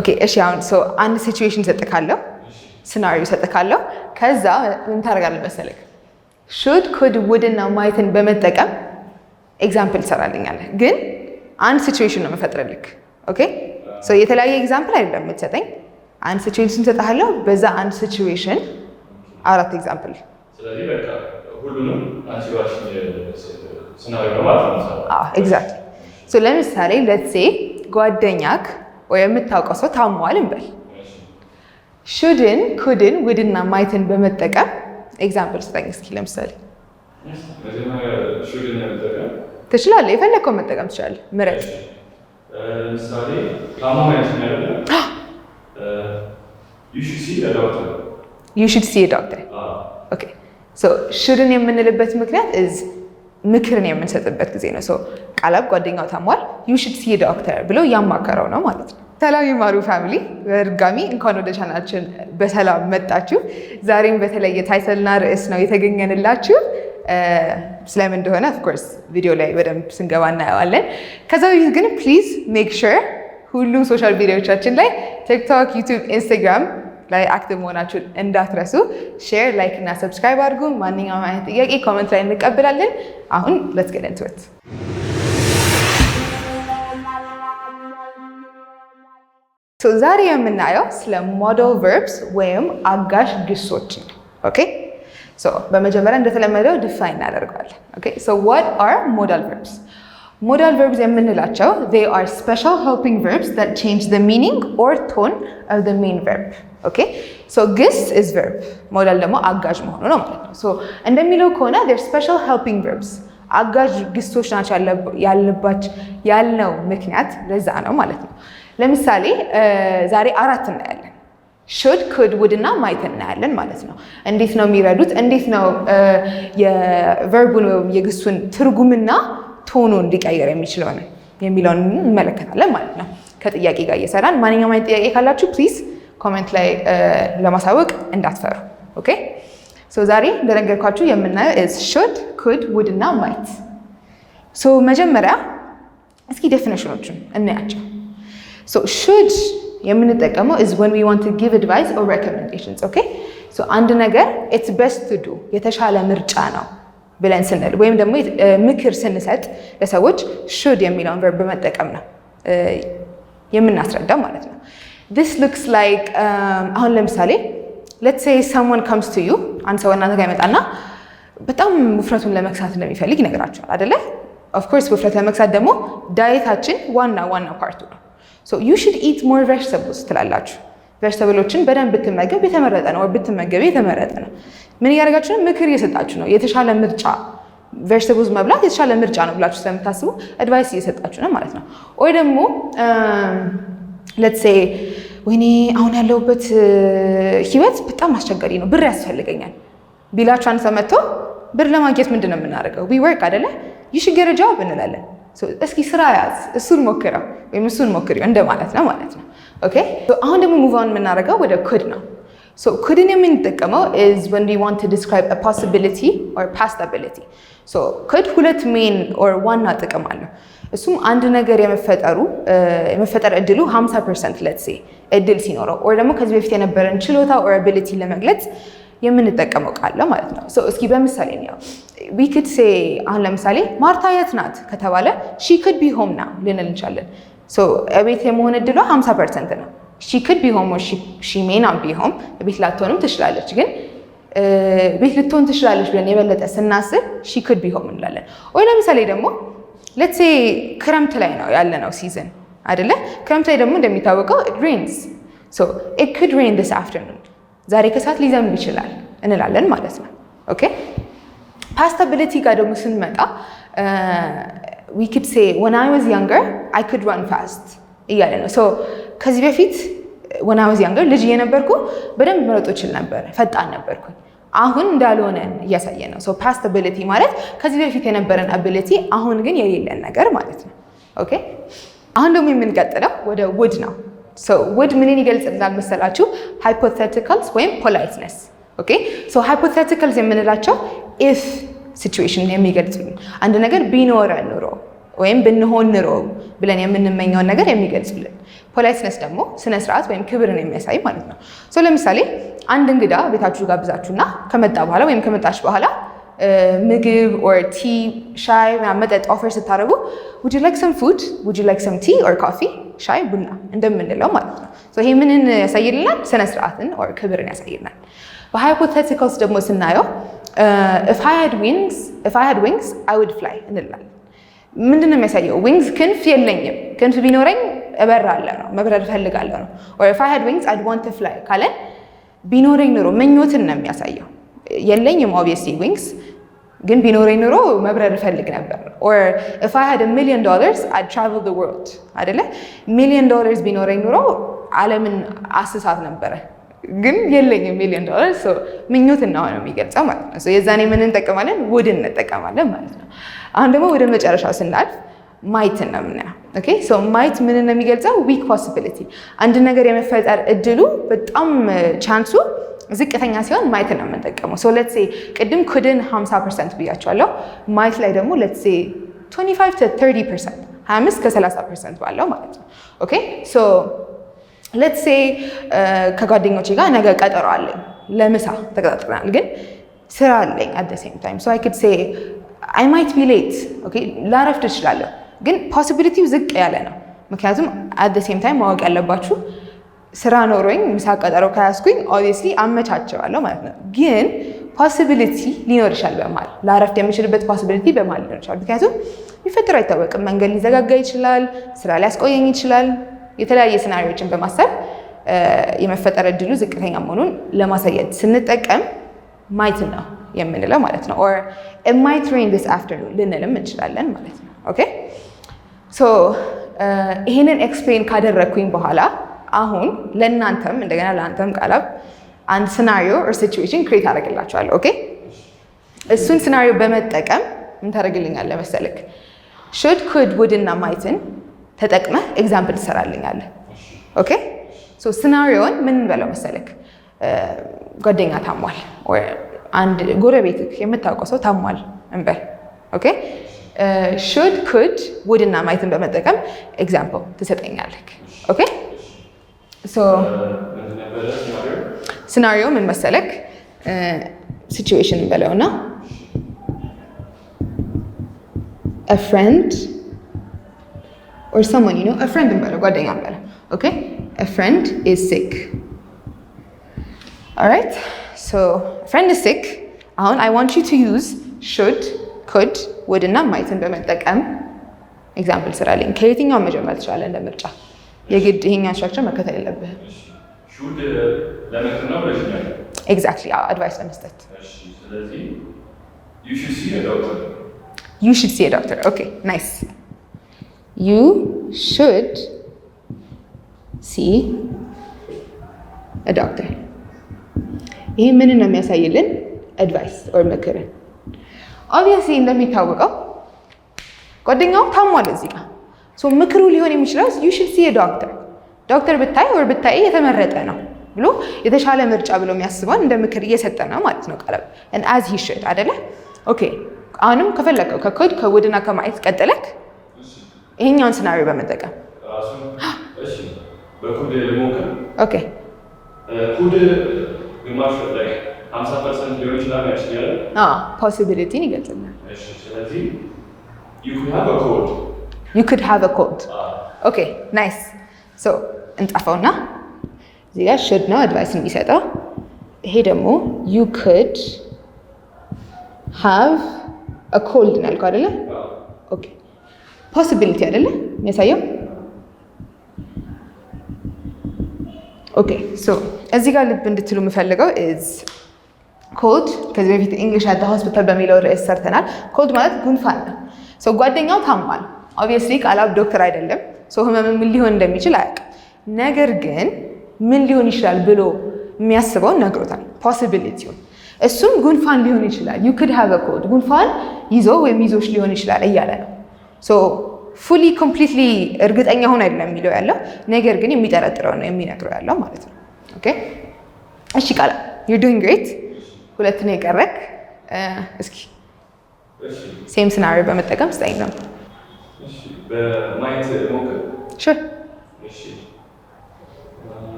ኦኬ እሺ። አሁን ሰው አንድ ሲቹዌሽን ሰጥካለሁ፣ ስናሪዮ ሰጥካለሁ። ከዛ ምን ታደርጋለህ መሰለክ ሹድ ኩድ ውድ እና ማየትን በመጠቀም ኤግዛምፕል ትሰራልኛለህ። ግን አንድ ሲቹዌሽን ነው የምፈጥርልህ። ኦኬ ሶ የተለያየ ኤግዛምፕል አይደለም የምትሰጠኝ። አንድ ሲቹዌሽን ሰጥሃለሁ። በዛ አንድ ሲቹዌሽን አራት ኤግዛምፕል ስለዚህ በቃ ሁሉንም ለምሳሌ ሌትስ ጓደኛክ ወይ የምታውቀው ሰው ታሟል እንበል። ሹድን፣ ኩድን፣ ውድና ማይትን በመጠቀም ኤግዛምፕል ስጠኝ እስኪ ለምሳሌ ትችላለህ። የፈለግከው መጠቀም ትችላለህ። ምረጥ። ዩ ሹድ ሲ ዶክተር ሹድን የምንልበት ምክንያት ምክርን የምንሰጥበት ጊዜ ነው። ሰው ቃላብ ጓደኛው ታሟል ዩ ሹድ ሲ ዶክተር ብሎ ያማከረው ነው ማለት ነው። ሰላም የማሩ ፋሚሊ በድጋሚ እንኳን ወደ ቻናችን በሰላም መጣችሁ። ዛሬም በተለየ ታይትልና ርዕስ ነው የተገኘንላችሁ። ስለምን እንደሆነ ኦፍኮርስ ቪዲዮ ላይ በደንብ ስንገባ እናየዋለን። ከዛ በፊት ግን ፕሊዝ ሜክ ሹር ሁሉም ሶሻል ሚዲያዎቻችን ላይ ቲክቶክ፣ ዩቱብ፣ ኢንስታግራም ላይ አክቲቭ መሆናችሁን እንዳትረሱ። ሼር፣ ላይክ እና ሰብስክራይብ አድርጉ። ማንኛውም አይነት ጥያቄ ኮመንት ላይ እንቀብላለን አሁን ሌትስ ጌት ኢንቱ ኢት። ዛሬ የምናየው ስለ ሞደል ቨርብስ ወይም አጋዥ ግሶች ነው። ኦኬ በመጀመሪያ እንደተለመደው ዲፋይን እናደርገዋለን። ኦኬ ሶ ዋት አር ሞደል ቨርብስ ሞዳል ቨርብስ የምንላቸው they are special helping verbs that change the meaning or tone of the main verb. Okay? So ግስ is verb. ሞዳል ደግሞ አጋዥ መሆኑ ነው ማለት ነው። ሶ እንደሚለው ከሆነ they're special helping verbs. አጋዥ ግሶች ናቸው ያልንባች ያልነው ምክንያት ለዛ ነው ማለት ነው። ለምሳሌ ዛሬ አራት እናያለን። ሹድ ኩድ ውድ እና ማይት እናያለን ማለት ነው። እንዴት ነው የሚረዱት? እንዴት ነው የቨርቡን ወይም የግሱን ትርጉምና ቶኑ እንዲቀይር የሚችለውን የሚለውን እንመለከታለን ማለት ነው። ከጥያቄ ጋር እየሰራን ማንኛውም አይነት ጥያቄ ካላችሁ ፕሊዝ ኮሜንት ላይ ለማሳወቅ እንዳትፈሩ። ኦኬ ሶ ዛሬ እንደነገርኳችሁ የምናየው ሹድ፣ ኩድ፣ ውድ እና ማይት። ሶ መጀመሪያ እስኪ ዴፊኒሽኖቹን እናያቸው። ሶ ሹድ የምንጠቀመው ኢዝ ወን ዊ ዋንት ቱ ጊቭ አድቫይስ ኦር ሬኮመንዴሽንስ። ኦኬ ሶ አንድ ነገር ኢትስ ቤስት ቱ ዱ የተሻለ ምርጫ ነው ብለን ስንል ወይም ደግሞ ምክር ስንሰጥ ለሰዎች ሹድ የሚለውን ቨርብ በመጠቀም ነው የምናስረዳው ማለት ነው። ስ ሉክስ ላይክ አሁን ለምሳሌ ሌትስ ሴይ ሰምዋን ካምስ ቱ ዩ አንድ ሰው እናንተ ጋር ይመጣና በጣም ውፍረቱን ለመግሳት እንደሚፈልግ ይነግራቸዋል አደለ? ኦፍኮርስ ውፍረት ለመግሳት ደግሞ ዳየታችን ዋና ዋና ፓርቱ ነው። ሶ ዩ ሹድ ኢት ሞር ቬጅተብልስ ትላላችሁ። ቬጅተብሎችን በደንብ ብትመገብ የተመረጠ ነው፣ ብትመገብ የተመረጠ ነው። ምን እያደረጋችሁ ነው? ምክር እየሰጣችሁ ነው። የተሻለ ምርጫ ቬጅቴብልስ መብላት የተሻለ ምርጫ ነው ብላችሁ ስለምታስቡ አድቫይስ እየሰጣችሁ ነው ማለት ነው። ወይ ደግሞ ሌትስ ወይኔ አሁን ያለሁበት ህይወት በጣም አስቸጋሪ ነው፣ ብር ያስፈልገኛል ቢላችሁ አንድ ሰው መጥቶ ብር ለማግኘት ምንድን ነው የምናደርገው? ዊ ወርክ አይደለ ይሽገረ ጃብ እስኪ ስራ ያዝ፣ እሱን ሞክረው ወይም እሱን ሞክሪው እንደማለት ነው ማለት ነው። ኦኬ አሁን ደግሞ ሙቫን የምናደርገው ወደ ኩድ ነው ሶ ኩድን የምንጠቀመው ኢዝ ወን ዊ ዋንት ቱ ዲስክራይብ አ ፖሲቢሊቲ ኦር ፓስት አቢሊቲ። ሶ ኩድ ሁለት ሜን ኦር ዋና ጥቅም አለው። እሱም አንድ ነገር የመፈጠሩ የመፈጠር እድሉ 50 ፐርሰንት ሌትስ ሴ እድል ሲኖረው ኦር ደግሞ ከዚህ በፊት የነበረን ችሎታ ኦር አቢሊቲ ለመግለጽ የምንጠቀመው ቃል ማለት ነው። ሶ እስኪ በምሳሌ ነው ዊ ኩድ ሴ አሁን ለምሳሌ ማርታ የት ናት ከተባለ ሺ ኩድ ቢ ሆም ናው ልንል እንችላለን። ሶ ቤት የመሆን እድሏ 50 ፐርሰንት ነው። ሺ ክድ ቢሆም ሺ ሜናም ቢሆም ቤት ላትሆንም ትችላለች ግን ቤት ልትሆን ትችላለች ብለን የበለጠ ስናስብ ሺ ክድ ቢሆም እንላለን። ወይ ለምሳሌ ደግሞ ሌትሴ ክረምት ላይ ነው ያለ ሲዝን አይደለ? ክረምት ላይ ደግሞ እንደሚታወቀው ሬንስ ኢት ክድ ሬን ዲስ አፍተርኑን፣ ዛሬ ከሰዓት ሊዘንብ ይችላል እንላለን ማለት ነው። ኦኬ ፓስት ጋር ደግሞ ስንመጣ ዊ ክድ ሴይ ወን አይ ዋዝ ያንገር አይ ክድ ራን ፋስት እያለ ነው። ከዚህ በፊት ወናወዚ ያንገር ልጅ እየነበርኩ በደንብ መሮጥ እችል ነበረ፣ ፈጣን ነበርኩኝ። አሁን እንዳልሆነ እያሳየ ነው። ፓስት አቢሊቲ ማለት ከዚህ በፊት የነበረን አቢሊቲ አሁን ግን የሌለን ነገር ማለት ነው። ኦኬ አሁን ደግሞ የምንቀጥለው ወደ ውድ ነው። ውድ ምንን ይገልጽልናል መሰላችሁ? ሃይፖቴቲካልስ ወይም ፖላይትነስ። ኦኬ ሃይፖቴቲካልስ የምንላቸው ኢፍ ሲቹዌሽን የሚገልጹ አንድ ነገር ቢኖረን ኑሮ ወይም ብንሆን ኑሮ ብለን የምንመኘውን ነገር የሚገልጽልን። ፖላይትነስ ደግሞ ስነ ስርዓት ወይም ክብርን የሚያሳይ ማለት ነው። ለምሳሌ አንድ እንግዳ ቤታችሁ ጋብዛችሁና ከመጣ በኋላ ወይም ከመጣች በኋላ ምግብ ኦር ቲ ሻይ መጠጥ ኦፈር ስታደርጉ ውድ ላይክ ሰም ፉድ ውድ ላይክ ሰም ቲ ኦር ኮፊ ሻይ ቡና እንደምንለው ማለት ነው። ይሄ ምንን ያሳይልናል? ስነ ስርዓትን ኦር ክብርን ያሳይልናል። በሃይፖቴቲካልስ ደግሞ ስናየው ኢፍ አይ ሃድ ዊንግስ አይ ውድ ፍላይ እንላለን ምንድን ነው የሚያሳየው? ዊንግስ ክንፍ የለኝም፣ ክንፍ ቢኖረኝ እበራለሁ ነው መብረር እፈልጋለሁ ነው። ኦር ኢፍ አይ ሃድ ዊንግስ አይድ ዋንት ቱ ፍላይ ካለ ቢኖረኝ ኑሮ ምኞትን ነው የሚያሳየው። የለኝም ኦብቪየስሊ ዊንግስ ግን ቢኖረኝ ኑሮ መብረር እፈልግ ነበር። ኦር ኢፍ አይ ሃድ ሚሊዮን ዶላርስ አይ ትራቨል ዘ ወርልድ አይደለ? ሚሊዮን ዶላርስ ቢኖረኝ ኑሮ ዓለምን አስሳት ነበረ ግን የለኝም ሚሊዮን ዶላር ምኞት እና ነው የሚገልጸው ማለት ነው። የዛኔ ምን እንጠቀማለን? ውድ እንጠቀማለን ማለት ነው። አሁን ደግሞ ወደ መጨረሻው ስናልፍ ማየት ነው የምናየው። ማየት ምን ነው የሚገልጸው? ዊክ ፖስቢሊቲ፣ አንድ ነገር የመፈጠር እድሉ በጣም ቻንሱ ዝቅተኛ ሲሆን ማየት ነው የምንጠቀመው። ሶ ቅድም ኩድን 50 ፐርሰንት ብያቸዋለሁ። ማየት ላይ ደግሞ ሌትስ 25 30 ፐርሰንት 25 ከ30 ፐርሰንት ባለው ማለት ነው ኦኬ ሶ ሌትስ ሴይ uh, ከጓደኞቼ ጋር ነገ ቀጠሮ አለኝ ለምሳ ተቀጣጥረናል፣ ግን ስራ አለኝ አት ሴም ታይም ሶ አይ ክድ ሴይ አይ ማይት ቢ ሌት ኦኬ፣ ላረፍድ እችላለሁ፣ ግን ፖሲቢሊቲው ዝቅ ያለ ነው። ምክንያቱም አት ሴም ታይም ማወቅ ያለባችሁ ስራ ኖሮኝ ምሳ ቀጠሮ ከያዝኩኝ ኦብቪየስሊ አመቻቸዋለሁ ማለት ነው። ግን ፖሲቢሊቲ ሊኖር ይችላል በመሃል ላረፍድ የምችልበት ፖሲቢሊቲ በመሃል ሊኖር ይችላል። ምክንያቱም ሊፈጠር አይታወቅም። መንገድ ሊዘጋጋ ይችላል፣ ስራ ሊያስቆየኝ ይችላል። የተለያየ ሴናሪዎችን በማሰብ የመፈጠር እድሉ ዝቅተኛ መሆኑን ለማሳየት ስንጠቀም ማይት ነው የምንለው ማለት ነው። ኦር ማይት ሬን ዲስ አፍተርኑን ልንልም እንችላለን ማለት ነው። ኦኬ ሶ ይህንን ኤክስፕሌን ካደረግኩኝ በኋላ አሁን ለእናንተም እንደገና ለአንተም ቃላብ አንድ ሲናሪዮ ኦር ሲቹዌሽን ክሬት አደርግላችኋለሁ። ኦኬ እሱን ሲናሪዮ በመጠቀም ምን ታደርግልኛለህ መሰልክ ሹድ ኩድ ውድ እና ማይትን ተጠቅመህ ኤግዛምፕል ትሰራልኛለህ። ኦኬ ሶ ሲናሪዮን ምን እንበለው መሰለክ፣ ጓደኛ ታሟል፣ አንድ ጎረቤት የምታውቀው ሰው ታሟል እንበል። ኦኬ ሹድ ኩድ ውድ እና ማየትን በመጠቀም ኤግዛምፕል ትሰጠኛለህ። ኦኬ ሶ ምን መሰለክ ሲቹዌሽን እንበለውና a ኦር ሰሞን ነው ፍሬንድ እንበለው ጓደኛ እንበለው። ኦኬ ፍሬንድ ኢዝ ሲክ ኦራይት ሶ ፍሬንድ ኢዝ ሲክ። አሁን አይ ዋንት ዩ ቱ ዩዝ ሹድ ኩድ ውድ እና ማይትን በመጠቀም ኤግዛምፕል ስራልኝ። ከየትኛው መጀመር ትችላለህ? እንደ ምርጫ የግድ ይሄኛውን ስትራክቸር መከተል የለብህም። ኤግዛክትሊ አድቫይስ ለመስጠት ዩ ሹድ ሲ ዶክተር። ኦኬ ናይስ ዩ ሹድ ሲ ዶክተር። ይህ ምን ነው የሚያሳይልን? አድቫይስ ኦር ምክርን። ኦብቪየስሊ እንደሚታወቀው ጓደኛው ታሟል እዚህ ጋር ምክሩ ሊሆን የሚችለው ዩ ሹድ ሲ ዶክተር፣ ዶክተር ብታይ ወር ብታይ የተመረጠ ነው ብሎ የተሻለ ምርጫ ብሎ የሚያስበን እንደ ምክር እየሰጠ ነው ማለት ነው። ቀረብ አዝ ሂ ሹድ አይደለ? ኦኬ አሁንም ከፈለከው ከኮድ ከውድና ከማየት ቀጥለክ ይሄኛውን ስናሪዮ በመጠቀም ኦኬ ኩድ ግማሽ ላይ ሀምሳ ፐርሰንት ሊሆን ይችላል ፖሲቢሊቲን ይገልጽልናል። ስለዚህ ዩ ኩድ ሃቭ አ ኮድ ኦኬ ናይስ ሶ እንጻፈውና እዚህ ጋር ሽድ ነው አድቫይስ የሚሰጠው። ይሄ ደግሞ ዩ ኩድ ሃቭ አ ኮልድ እናልከው አይደለም ኦኬ ፖሲቢሊቲ አይደለ የሚያሳየው። ኦኬ ሶ እዚህ ጋር ልብ እንድትሉ የምፈልገው ኢዝ ኮልድ ከዚህ በፊት እንግሊሽ አት ሆስፒታል በሚለው ርዕስ ሰርተናል። ኮልድ ማለት ጉንፋን ነው። ሶ ጓደኛው ታሟል። ኦብቪየስሊ ቃላብ ዶክተር አይደለም። ሶ ህመም ምን ሊሆን እንደሚችል አያውቅም። ነገር ግን ምን ሊሆን ይችላል ብሎ የሚያስበውን ነግሮታል። ፖሲቢሊቲውን እሱም ጉንፋን ሊሆን ይችላል ዩ ክድ ሃቭ ኮልድ ጉንፋን ይዞ ወይም ይዞች ሊሆን ይችላል እያለ ነው ፉሊ ኮምፕሊትሊ እርግጠኛ ሆን አይደለም የሚለው ያለው ነገር ግን የሚጠረጥረው ነው የሚነግረው ያለው ማለት ነው። ኦኬ እሺ፣ ቃል ዩ ዱንግ ግሬት ሁለት ነው የቀረክ። እስኪ ሴም ስናሪዮ በመጠቀም ስጠኝ ነው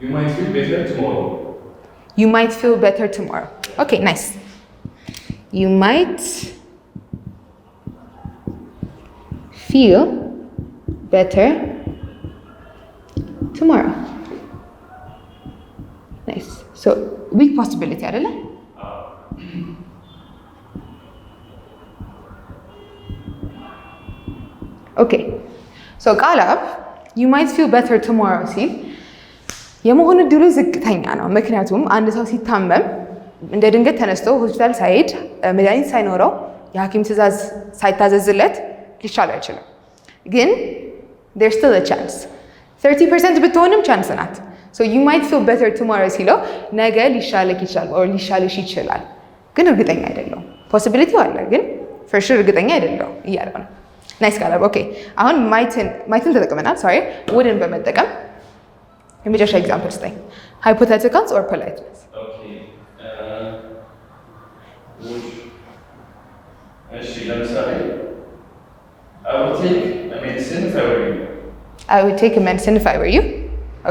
ዩ ማይት ፊል ቤተር ቱሞሮ። ኦኬ ናይስ ዩ ማይት feel better tomorrow ናይስ ሶ ዊክ ፖሲቢሊቲ አይደለ ኦኬ ሶ ቃል ዩ ማይት ፊል በተር ቱሞሮ ሲል የመሆኑ ድሉ ዝቅተኛ ነው። ምክንያቱም አንድ ሰው ሲታመም እንደ ድንገት ተነስቶ ሆስፒታል ሳይሄድ መድኃኒት ሳይኖረው የሐኪም ትዕዛዝ ሳይታዘዝለት ሊሻለው አይችልም። ግን ር ስቲል ቻንስ 30 ፐርሰንት ብትሆንም ቻንስ ናት። ዩ ማይት ፊል በተር ቱማሮ ሲለው ነገ ሊሻለክ ይችላል ኦር ሊሻለሽ ይችላል፣ ግን እርግጠኛ አይደለሁም። ፖሲቢሊቲው አለ ግን ፎር እርግጠኛ አይደለሁም እያለው ነው። ናይስ ቃላብ ኦኬ። አሁን ማይትን ተጠቅመናል። ሶሪ ውድን በመጠቀም የመጨረሻ ኤግዛምፕል ስጠኝ። ሃይፖቴቲካልስ ኦር ፖላይትነስ ለምሳሌ I would take a medicine if I were you. I would take a medicine if I were you.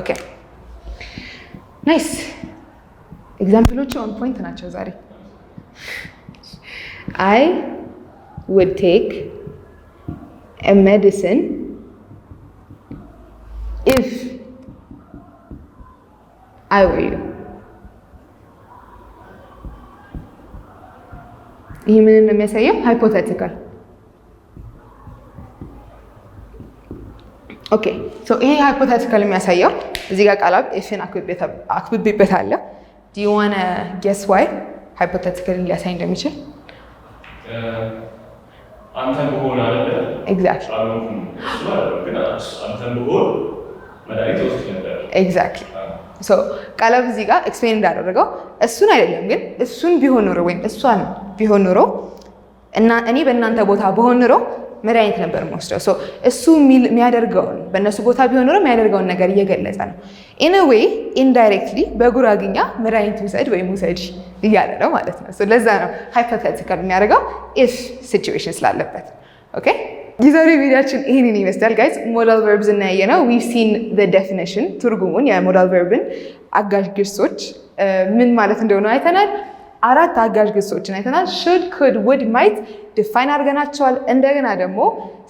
Okay. ናይስ ኤግዛምፕሎቹ ኦን ፖይንት ናቸው ዛሬ። አይ ውድ ቴክ ኤ ሜዲሲን ኢፍ አይ ወር ዩ። ይህ ምንን ነው የሚያሳየው? ሃይፖቴቲካል ኦኬ ሶ ይሄ ሃይፖቴቲካል የሚያሳየው እዚህ ጋር ቃላት ኤፍን አክብቤበት አለ። ዲ ዩ ዋን ጌስ ዋይ ሃይፖቴቲካል ሊያሳይ እንደሚችል ቃለብ እዚህ ጋር ኤክስፕሌን እንዳደረገው እሱን አይደለም ግን እሱን ቢሆን ኖሮ ወይም እሷን ቢሆን ኖሮ እኔ በእናንተ ቦታ ብሆን ኖሮ መድኃኒት ነበር መወስደው። እሱ የሚያደርገውን በእነሱ ቦታ ቢሆን ኖሮ የሚያደርገውን ነገር እየገለጸ ነው። ኢን ዌይ ኢንዳይሬክትሊ በጉራግኛ መድኃኒት ውሰድ ወይም ውሰድ እያለ ነው ማለት ነው። ለዛ ነው ሃይፖቴቲካል የሚያደርገው ኢፍ ሲቹዌሽን ስላለበት። ኦኬ የዛሬ ቪዲዮችን ይህንን ይመስላል ጋይዝ። ሞዳል ቨርብ እናያየ ነው። ዊቭ ሲን ዴፊኒሽን ትርጉሙን የሞዳል ቨርብን አጋዥ ግሶች ምን ማለት እንደሆነ አይተናል። አራት አጋዥ ግሶችን አይተናል። ሹድ ኩድ ውድ ማይት ዲፋይን አድርገናቸዋል። እንደገና ደግሞ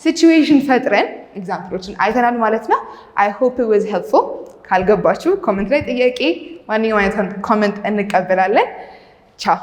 ሲቹዌሽን ፈጥረን ኤግዛምፕሎችን አይተናል ማለት ነው። አይ ሆፕ ኢት ዋዝ ሄልፕፉል። ካልገባችሁ ኮመንት ላይ ጥያቄ፣ ማንኛውም አይነት ኮመንት እንቀበላለን። ቻው